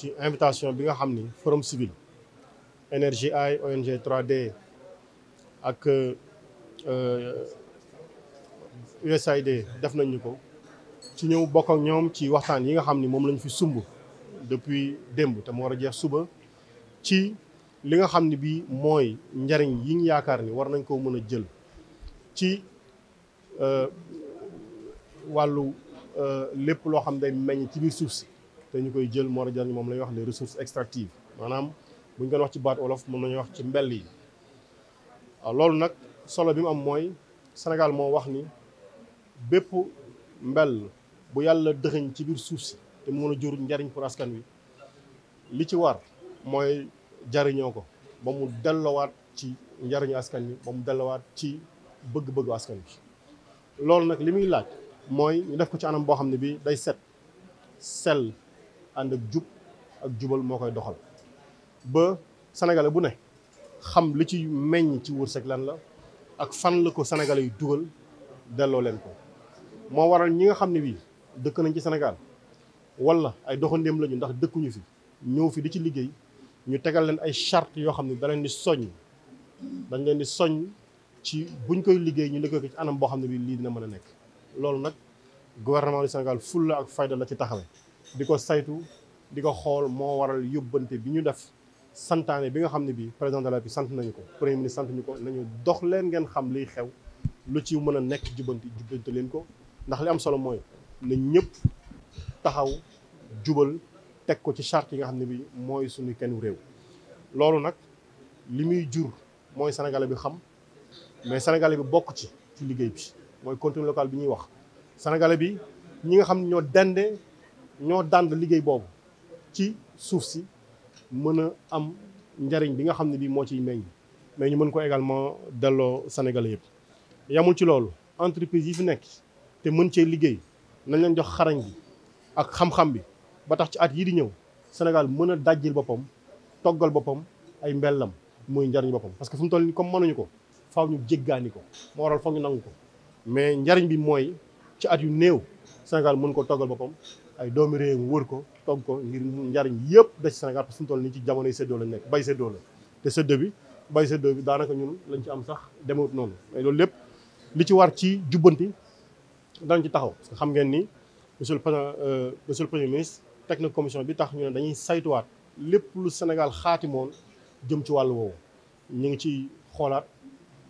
ci invitation bi nga xam ni forum civil énergie ay ONG 3D ak USAID euh, def nañ ñu ko ci ñëw bokk ak ñoom ci waxtaan yi nga xam ni moom lañu fi sumb depuis démb te mu war a jeex suba ci li nga xam ni bii mooy njariñ yi ñu yaakaar ni war nañ koo mën a jël ci euh, wàllu euh, lépp loo xam day meññ ci biir suuf si té ñukoy koy jël moo rajan moom mom lay wax les ressources extractives manam buñ gën wax ci baat olof moom la wax ci mbell yi loolu solo bi mu am moy Sénégal mo wax ni bép mbell bu yalla dëxëñ ci bir suuf ci té mëna jor a pour askan wi li ci war moy jariñoo ko ba mu dellowaat ci njariñu askan wi ba mu dellowaat ci bëgg bëgg askan wi lool nak limuy laaj moy ñu def ko ci anam bo xamni bi day set sel ànd ak jub ak jubal moo koy doxal ba sénégalais bu ne xam li ci meññ ci wërsëg lan la ak fan la ko senegale yu dugal delloo leen ko moo waral ñi nga xam ne bii dëkk nañ ci Sénégal wala ay doxandéem lañu ndax dëkkuñu fi ñëw fi di ci liggéey ñu tegal leen ay charte yoo xam ne da leen di soññ dañ leen di soññ ci ñu koy liggéey ñu liggéey ko ci anam boo xam ne bii lii dina mën a nekk loolu nag gouvernement du Sénégal fulla ak fayda la ci taxawee di ko saytu di ko xool moo waral yóbbante bi ñu def santaane bi nga xam ne bii président de bi sant nañu ko premier ministre sant ñu ko nañu dox leen ngeen xam liy xew lu ci mën a nekk jubbanti jubbante leen ko ndax li am solo mooy na ñëpp taxaw jubal teg ko ci chart yi nga xam ne bi mooy suñu kenn réew loolu nag li muy jur mooy sénégalais bi xam mais sénégalais bi bokk ci ci liggéey bi mooy contenu local bi ñuy wax sénégalais bi ñi nga xam ne ñoo dende ñoo dànd liggéey boobu ci suuf si mën a am njariñ bi nga xam ne bii moo ciy meññ mais ñu mën ko également delloo Sénégalais yëpp yamul ci loolu entreprise yi fi nekk te mën cee liggéey nañ leen jox xarañ bi ak xam-xam bi ba tax ci at yii di ñëw Sénégal mën a dajjil boppam toggal boppam ay mbellam muy njariñ boppam parce que fu mu toll ni comme mënuñu ko faaw ñu jéggaani ko moo waral foog ñu nangu ko mais njariñ bi mooy ci at yu néew Sénégal mën ko toggal boppam ay doomi réew mu wër ko togg ko ngir njariñ yëpp des Sénégal parce que suñu toll nii ci jamonoy séddoo lañ nekk bay séddoo la te séddoo bi bay séddoo bi daanaka ñun lañ ci am sax demewut noonu mais loolu lépp li ci war ci jubbanti danañ ci taxaw xam ngeen ni monsieur le président euh, monsieur le premier ministre bi tax ñu ne dañuy saytuwaat lépp lu xaati xaatimoon jëm ci wàllu woowu ñu ngi ci xoolaat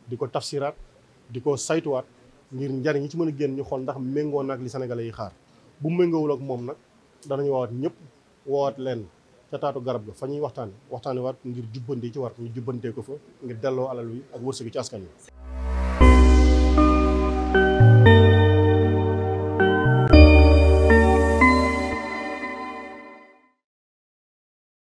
di ko tafsiraat di ko saytuwaat ngir njariñ yi ci mën a génn ñu xool ndax méngoo naak li Sénégalais yi xaar bu méngoowul ak moom nag danañu woowaat ñëpp woowaat leen ca taatu garab ga fa ñuy waxtaan waxtaane waat ngir jubbante ci war ñu jubbantee ko fa ngir delloo alal wi ak wërsëg ci askan wi